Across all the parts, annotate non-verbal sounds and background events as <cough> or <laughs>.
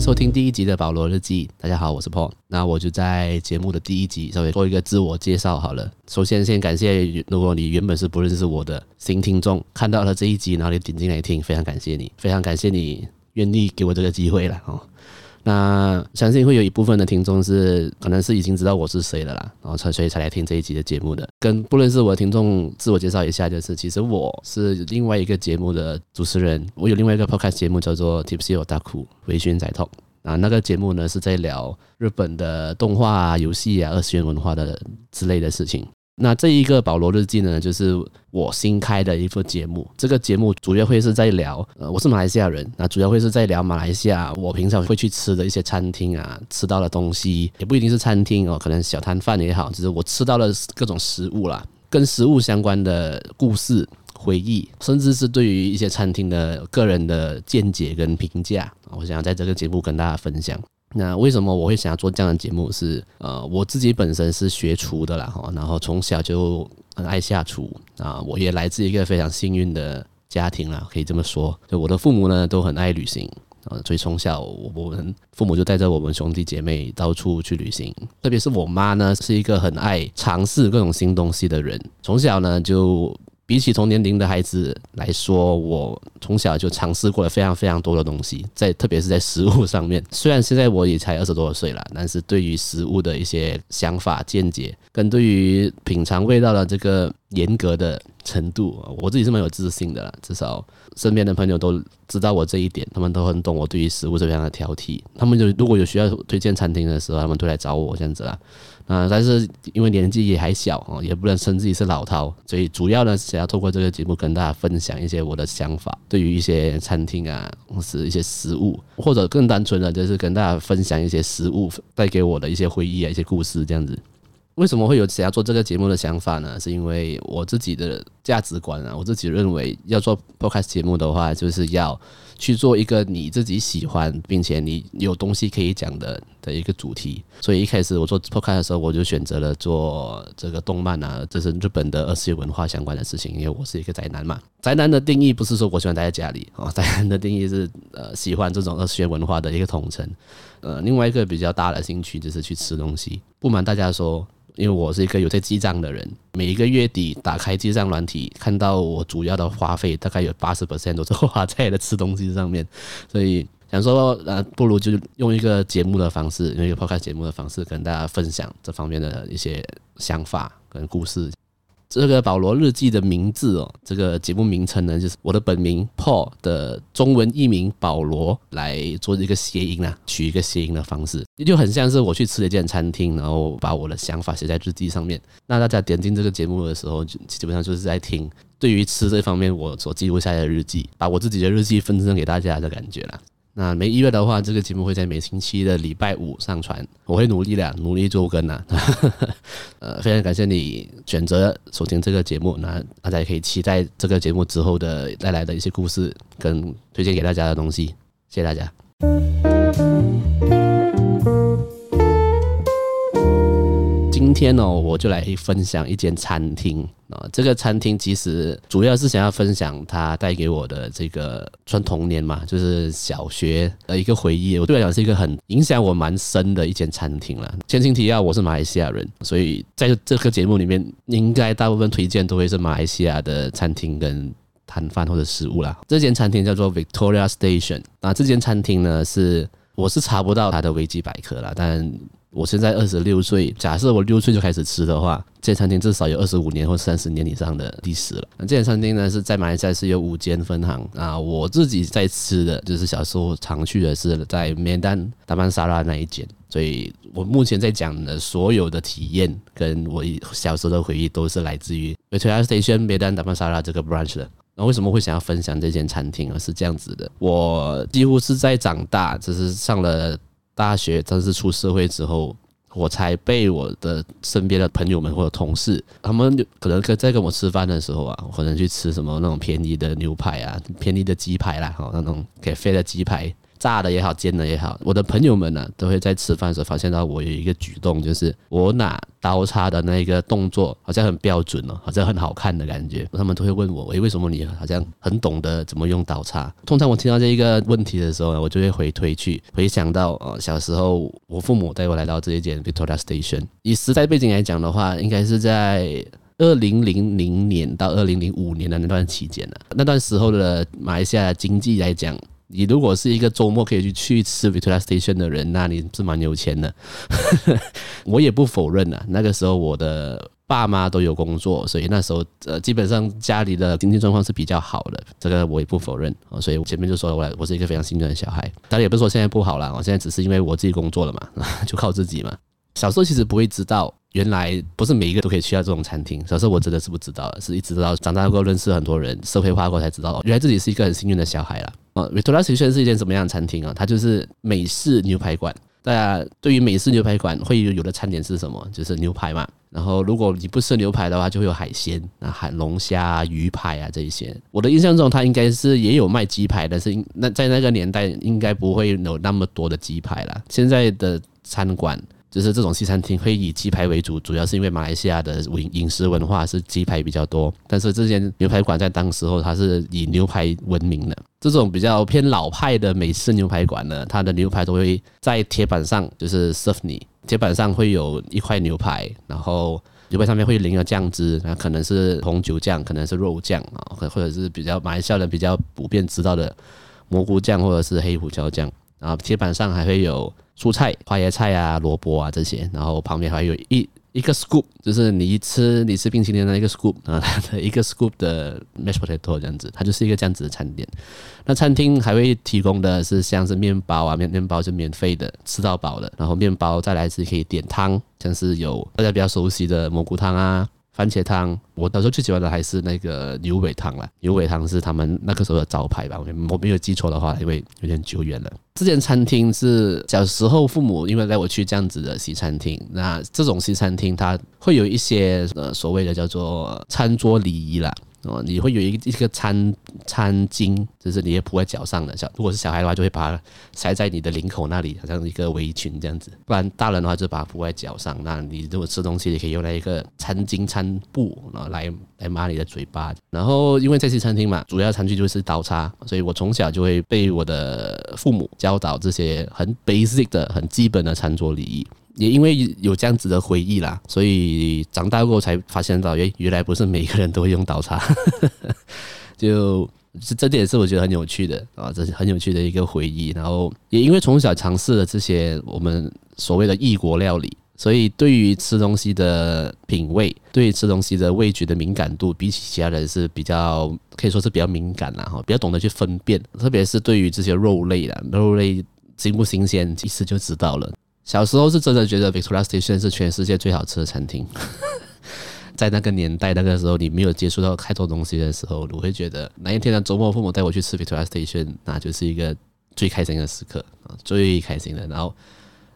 收聽第一集的飽咯日記，大家好，我是 Paul，那我就在節目的第一集稍微做一個自我介紹好了。首先，先感謝如果你原本是不認識我的新聽眾，看到了這一集，然後你點進來聽，非常感謝你，非常感謝你願意給我這個機會了哦。那相信會有一部分的聽眾是可能是已經知道我是誰了啦，然後所以才來聽這一集的節目的。跟不認識我的聽眾自我介紹一下，就是其實我是另外一個節目的主持人，我有另外一個 podcast 節目叫做 Tipsy Otaku 微醺宅 Talk 啊，那個節目呢是在聊日本的動畫啊、遊戲啊、二次元文化的之類的事情。那這一個飽咯日記呢，就是我新開的一部節目。這個節目主要會是在聊，呃，我是馬來西亞人，那主要會是在聊馬來西亞。我平常會去吃的一些餐廳啊，吃到的東西，也不一定是餐廳哦，可能小攤販也好，就是我吃到了各種食物啦，跟食物相關的故事、回憶，甚至是對於一些餐廳的個人的見解跟評價，我想要在這個節目跟大家分享。那為什麼我會想要做這樣的節目？是呃，我自己本身是學廚的啦，哈，然後從小就很愛下廚啊。我也來自一個非常幸運的家庭啦，可以這麼說，就我的父母呢都很愛旅行啊，所以從小我們父母就帶着我們兄弟姐妹到處去旅行。特別是我媽呢，是一個很愛嘗試各種新東西的人，從小呢就。比起同年齡的孩子來說，我從小就嘗試過了非常非常多的東西，在特別是在食物上面。雖然現在我也才二十多歲了，但是對於食物的一些想法、見解，跟對於品嘗味道的這個。嚴格的程度啊，我自己是蠻有自信的，至少身邊的朋友都知道我這一點，他們都很懂我對於食物是非常的挑剔。他們就如果有需要推薦餐廳的時候，他們都來找我這樣子啊。啊，但是因為年紀也還小啊，也不能稱自己是老饕，所以主要呢想要透過這個節目跟大家分享一些我的想法，對於一些餐廳啊，或是一些食物，或者更單純的，就是跟大家分享一些食物帶給我的一些回憶啊，一些故事這樣子。為什麼會有想要做這個節目的想法呢？是因為我自己的價值觀啊，我自己認為要做 Podcast 節目的話，就是要去做一個你自己喜歡並且你有東西可以講的的一個主題。所以一開始我做 Podcast 的時候，我就選擇了做這個動漫啊，這是日本的二次元文化相關的事情，因為我是一個宅男嘛。宅男的定義不是說我喜歡待在家裡啊，宅男的定義是呃喜歡這種二次元文化的一個統稱。呃，另外一個比較大的興趣就是去吃東西。不瞞大家說。因為我是一個有在記賬的人，每一個月底打開記賬軟體，看到我主要的花費大概有八十%都是花在了吃東西上面，所以想說，啊，不如就用一個節目的方式，用一個 Podcast 節目的方式，跟大家分享這方面的一些想法跟故事。這個《飽咯日記》的名字哦，這個節目名稱呢，就是我的本名 Paul 的中文譯名保羅來做一個諧音啦，取一個諧音的方式，也就很像是我去吃了一間餐廳，然後把我的想法寫在日記上面。那大家點進這個節目的時候，就基本上就是在聽對於吃這方面我所記錄下來的日記，把我自己的日記分享給大家的感覺啦。那沒意外的話，這個節目會在每星期的禮拜五上傳。我會努力的，努力做更呢、啊。 <laughs> 呃，非常感謝你選擇收聽這個節目，那大家也可以期待這個節目之後的帶來的一些故事跟推薦給大家的東西。謝謝大家。今天呢，我就來分享一間餐廳啊。這個餐廳其實主要是想要分享它帶給我的這個算童年嘛，就是小學的一個回憶。我對我來講是一個很影響我蠻深的一間餐廳了。前情提要，我是馬來西亞人，所以在這個節目裡面，應該大部分推薦都會是馬來西亞的餐廳跟攤販或者食物啦。這間餐廳叫做 Victoria Station。那這間餐廳呢，是我是查不到它的維基百科啦，但。我現在二十六歲，假設我六歲就開始吃的話，這間餐廳至少有二十五年或三十年以上的歷史了。那這間餐廳呢是在馬來西亞是有五間分行。啊，我自己在吃的就是小時候常去的是在美丹達曼沙拉那一間，所以我目前在講的所有的體驗跟我小時候的回憶都是來自於 Victoria Station 美丹達曼沙拉這個 branch 的。那為什麼會想要分享這間餐廳啊？是這樣子的，我幾乎是在長大，就是上了。大學正式出社會之後，我才被我的身邊的朋友們或者同事，他們可能跟在跟我吃飯的時候啊，可能去吃什麼那種便宜的牛排啊，便宜的雞排啦，哈，那種給飛的雞排。炸的也好，煎的也好，我的朋友們呢、啊、都會在吃飯的時候發現到我有一個舉動，就是我拿刀叉的那個動作好像很標準哦，好像很好看的感覺。他們都會問我，誒、哎，為什麼你好像很懂得怎麼用刀叉？通常我聽到這一個問題的時候，我就會回推去，回想到呃小時候我父母帶我來到這一間 Victoria Station。以時代背景來講的話，應該是在二零零零年到二零零五年的那段期間了。那段時候的馬來西亞的經濟來講。你如果是一個周末可以去去一次 Victoria Station 的人，那你是蠻有錢的。 <laughs> 我也不否認吶、啊，那個時候我的爸媽都有工作，所以那時候呃基本上家裡的經濟狀況是比較好的，這個我也不否認。所以前面就說了，我我是一個非常幸運的小孩。當然也不是說現在不好啦，我現在只是因為我自己工作了嘛，就靠自己嘛。小時候其實不會知道。原來不是每一個都可以去到這種餐廳。所以我真的是不知道，是一直到長大過後認識很多人社會化過才知道，原來自己是一個很幸運的小孩啦。啊，Victoria Station 是一間什麼樣的餐廳啊？它就是美式牛排館。大家對於美式牛排館會有有的餐點是什麼？就是牛排嘛。然後如果你不吃牛排的話，就會有海鮮啊，海龍蝦、啊、魚排啊這一些。我的印象中，它應該是也有賣雞排，但是那在那個年代應該不會有那麼多的雞排了。現在的餐館。就是這種西餐廳會以雞排為主，主要是因為馬來西亞的飲飲食文化是雞排比較多。但是這間牛排館在當時候它是以牛排聞名的。這種比較偏老派的美式牛排館呢，它的牛排都會在鐵板上，就是 serve 你鐵板上會有一塊牛排，然後牛排上面會淋了醬汁，那可能是紅酒醬，可能是肉醬啊，或者是比較馬來西亞人比較普遍知道的蘑菇醬或者是黑胡椒醬。然後鐵板上還會有蔬菜、花椰菜啊、蘿蔔啊這些，然後旁邊還有一一個 scoop，就是你一吃你吃冰淇淋的一個 scoop 啊，它的一個 scoop 的 mashed potato 這樣子，它就是一個這樣子的餐點。那餐廳還會提供的是像是面包啊，面面包是免費的吃到飽的，然後面包再來是可以點湯，像是有大家比較熟悉的蘑菇湯啊。番茄湯，我到時候最喜歡的還是那個牛尾湯了。牛尾湯是他們那個時候的招牌吧？我沒有記錯的話，因為有點久遠了。這間餐廳是小時候父母因為帶我去這樣子的西餐廳，那這種西餐廳它會有一些呃所謂的叫做餐桌禮儀啦。哦，你會有一一個餐餐巾，就是你也鋪在腳上的小，如果是小孩的話，就會把它塞在你的領口那裡，好像一個圍裙這樣子。不然大人的話，就把它鋪在腳上。那你如果吃東西，你可以用來一個餐巾餐布，然後來來抹你的嘴巴。然後因為這些餐廳嘛，主要餐具就是刀叉，所以我從小就會被我的父母教導這些很 basic 的、很基本的餐桌禮儀。也因為有這樣子的回憶啦，所以長大過後才發現到，哎、欸，原來不是每個人都會用刀叉， <laughs> 就這點是我覺得很有趣的啊，這是很有趣的一個回憶。然後也因為從小嘗試了這些我們所謂的異國料理，所以對於吃東西的品味，對於吃東西的味覺的敏感度，比起其他人是比較，可以說是比較敏感啦。哈，比較懂得去分辨，特別是對於這些肉類啦，肉類新不新鮮，其實就知道了。小時候是真的覺得 Victoria Station 是全世界最好吃的餐廳，在那個年代，那個時候你沒有接觸到太多東西的時候，你會覺得那一天的周末父母帶我去吃 Victoria Station，那就是一個最開心的時刻啊，最開心的。然後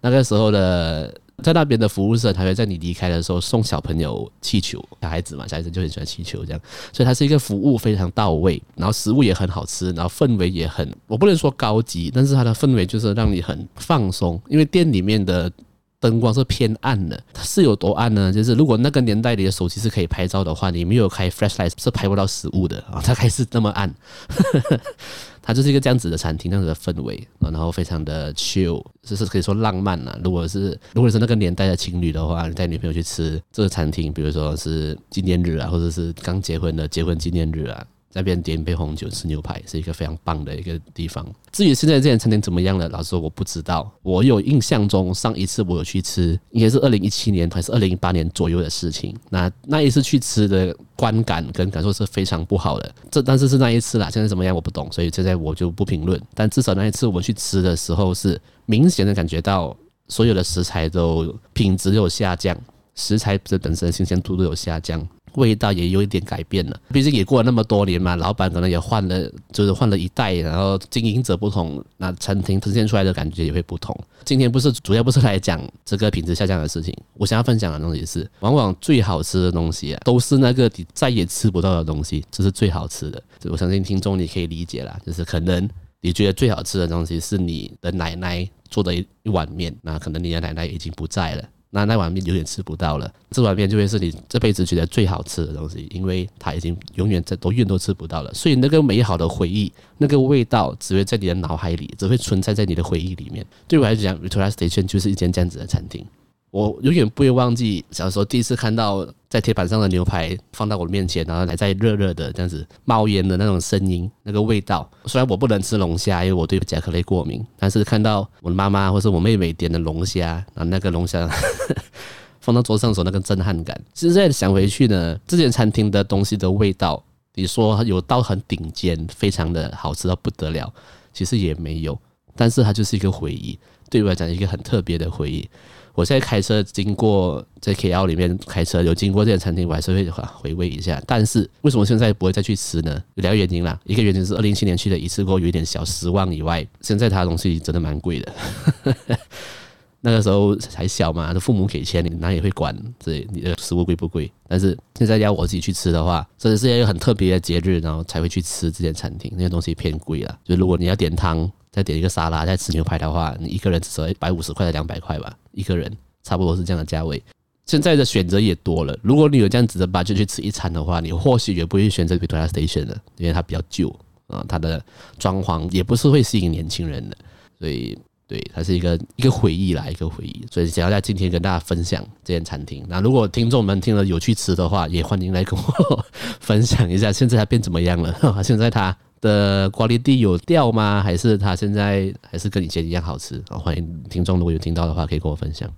那個時候的。在那邊的服務生，他會在你離開的時候送小朋友氣球，小孩子嘛，小孩子就很喜歡氣球這樣。所以它是一個服務非常到位，然後食物也很好吃，然後氛圍也很，我不能說高級，但是它的氛圍就是讓你很放鬆，因為店裡面的燈光是偏暗的，它是有多暗呢？就是如果那個年代裡的手機是可以拍照的話，你沒有開 flashlight 是拍不到食物的啊，它還是這麼暗。 <laughs> 它就是一個這樣子的餐廳，這樣子的氛圍，然後非常的 chill，就是可以說浪漫啊，如果是如果是那個年代的情侶的話，你帶女朋友去吃這個餐廳，比如說是紀念日啊，或者是剛結婚的結婚紀念日啊。在那邊點一杯紅酒吃牛排，是一個非常棒的一個地方。至於現在這間餐廳怎麼樣了，老實說我不知道。我有印象中上一次我有去吃，應該是二零一七年還是二零一八年左右的事情。那那一次去吃的觀感跟感受是非常不好的。這但是是那一次啦，現在怎麼樣我不懂，所以現在我就不評論。但至少那一次我們去吃的時候，是明顯的感覺到所有的食材都品質有下降，食材本身新鮮度都有下降。味道也有一點改變了，畢竟也過了那麼多年嘛，老闆可能也換了，就是換了一代，然後經營者不同，那餐廳呈現出來的感覺也會不同。今天不是主要不是來講這個品質下降的事情，我想要分享的東西是，往往最好吃的東西啊，都是那個你再也吃不到的東西，這是最好吃的。我相信聽眾你可以理解啦，就是可能你覺得最好吃的東西是你的奶奶做的一碗麵，那可能你的奶奶已經不在了。那那碗麵有點吃不到了。這碗麵就會是你這輩子覺得最好吃的東西，因為它已經永遠在多遠都吃不到了。所以那個美好的回憶，那個味道只會在你的腦海裡，只會存在在你的回憶裡面。對我來講，Victoria Station 就是一間這樣子的餐廳。我永遠不會忘記小時候第一次看到在鐵板上的牛排放到我面前，然後還在熱熱的這樣子冒煙的那種聲音、那個味道。雖然我不能吃龍蝦，因為我對甲殼類過敏，但是看到我媽媽或者我妹妹點的龍蝦，然後那個龍蝦 <laughs> 放到桌上的時候，那個震撼感。現在想回去呢，這間餐廳的東西的味道，你說有到很頂尖、非常的好吃到不得了，其實也沒有，但是它就是一個回憶，對我來講一個很特別的回憶。我現在開車經過在 KL 裡面開車，有經過這間餐廳，我還是會回味一下。但是為什麼現在不會再去吃呢？有兩個原因啦，一個原因是二零一七年去了一次過有一點小失望以外，現在它的東西真的蠻貴的。 <laughs> 那個時候還小嘛，父母給錢，你哪裡會管所以你的食物貴不貴？但是現在要我自己去吃的話，真的是一個很特別的節日，然後才會去吃這間餐廳，那些東西偏貴了。就如果你要點湯。再點一個沙拉，再吃牛排的話，你一個人只收一百五十塊到兩百塊吧，一個人差不多是這樣的價位。現在的選擇也多了，如果你有這樣子的吧，就去吃一餐的話，你或許也不會選擇 Victoria Station 了，因為它比較舊啊，它的裝潢也不是會吸引年輕人的，所以對，它是一個一個回憶啦，一個回憶。所以想要在今天跟大家分享這間餐廳。那如果聽眾們聽了有去吃的話，也歡迎來跟我 <laughs> 分享一下，現在它變怎麼樣了？現在它。的 quality 有掉嗎？還是他現在還是跟以前一樣好吃啊？歡迎聽眾，如果有聽到的話，可以跟我分享。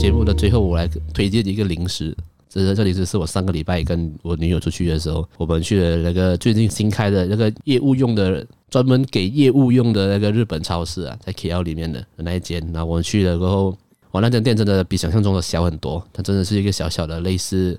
節 <music> 目的最後，我來推薦一個零食。這是這裡是我上個禮拜跟我女友出去的時候，我們去了那個最近新開的那個業務用的，專門給業務用的那個日本超市啊，在 KL 裡面的那一間。然後我們去了之後。我那間店真的比想象中的小很多，它真的是一個小小的類似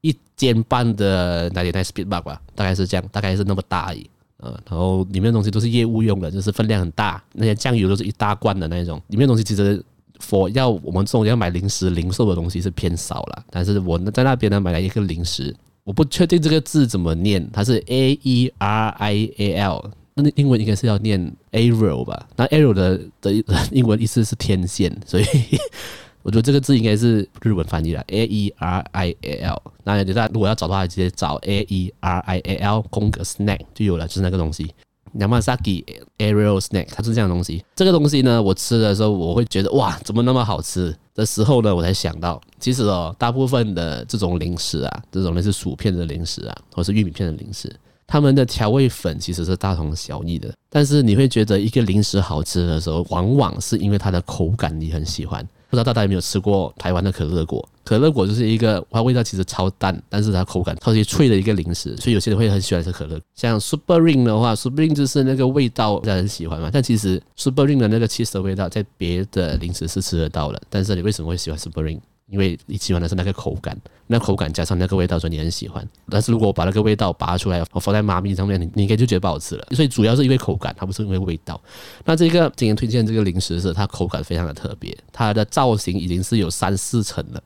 一間半的 s p e e d b a r 吧，大概是這樣，大概是那麼大而已。嗯、呃，然後裡面的東西都是業務用的，就是分量很大，那些醬油都是一大罐的那種。裡面的東西其實，for 要我們這種要買零食零售的東西是偏少了，但是我在那邊呢買了一個零食，我不確定這個字怎麼念，它是 A E R I A L。那英文應該是要念 aerial 吧？那 aerial 的的英文意思是天線，所以 <laughs> 我覺得這個字應該是日文翻譯啦。aerial，那覺得如果要找的話，直接找 aerial 空格 snack 就有了，就是那個東西。Yamazaki aerial snack，它是這樣的東西。這個東西呢，我吃的時候我會覺得哇，怎麼那麼好吃？的時候呢，我才想到，其實哦，大部分的這種零食啊，這種類似薯片的零食啊，或是玉米片的零食。他們的調味粉其實是大同小異的，但是你會覺得一個零食好吃的時候，往往是因為它的口感你很喜歡。不知道大家有沒有吃過台灣的可樂果？可樂果就是一個它味道其實超淡，但是它口感超級脆的一個零食，所以有些人會很喜歡吃可樂。像 Super Ring 的話，Super Ring 就是那個味道大家很喜歡嘛，但其實 Super Ring 的那個 cheese 的味道在別的零食是吃得到的。但是你為什麼會喜歡 Super Ring？因為你喜歡的是那個口感，那口感加上那個味道，說你很喜歡。但是如果我把那個味道拔出來，我放在媽咪上面，你你應該就覺得不好吃了。所以主要是因為口感，它不是因為味道。那這個今天推薦這個零食是它口感非常的特別，它的造型已經是有三四層了，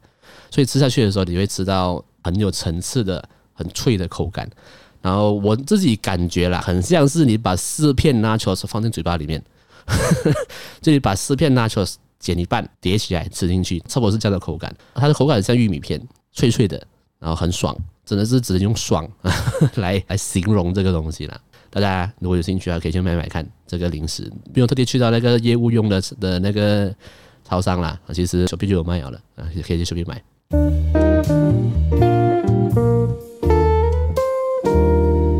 所以吃下去的時候你會吃到很有層次的、很脆的口感。然後我自己感覺啦，很像是你把四片 nachos 放進嘴巴裡面， <laughs> 就你把四片 nachos 剪一半疊起來吃進去，差不多是這樣的口感。它的口感像玉米片，脆脆的，然後很爽，真的是只能用“爽”來來形容這個東西了。大家如果有興趣啊，可以去買買看這個零食，不用特地去到那個業務用的的那個超商啦，其實蝦皮就有賣了啊，也可以去蝦皮買。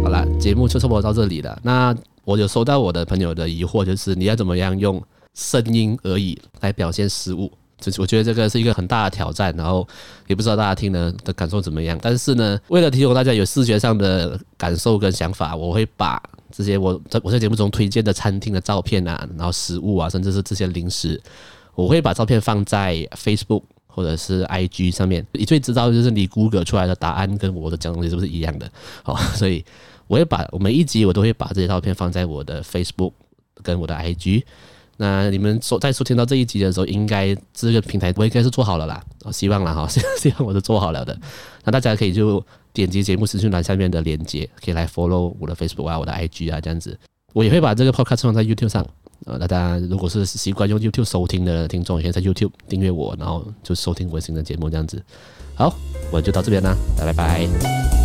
好了，節目就差不多到這裡了。那我有收到我的朋友的疑惑，就是你要怎麼樣用？聲音而已來表現食物，這我覺得這個是一個很大的挑戰。然後也不知道大家聽了的感受怎麼樣，但是呢，為了提供大家有視覺上的感受跟想法，我會把這些我在我在節目中推薦的餐廳的照片啊，然後食物啊，甚至是這些零食，我會把照片放在 Facebook 或者是 IG 上面。你最知道就是你 Google 出來的答案跟我的講東西是不是一樣的？哦，所以我會把每一集我都會把這些照片放在我的 Facebook 跟我的 IG。那你們收在收聽到這一集的時候，應該這個平台我應該是做好了啦，我、哦、希望啦，哈、哦，希望我是做好了的。那大家可以就點擊節目資訊欄下面的鏈接，可以來 follow 我的 Facebook 啊，我的 IG 啊這樣子。我也會把這個 podcast 放在 YouTube 上，那、哦、大家如果是習慣用 YouTube 收聽的聽眾，也可以在 YouTube 訂閱我，然後就收聽我新的節目這樣子。好，我就到這邊啦，拜拜。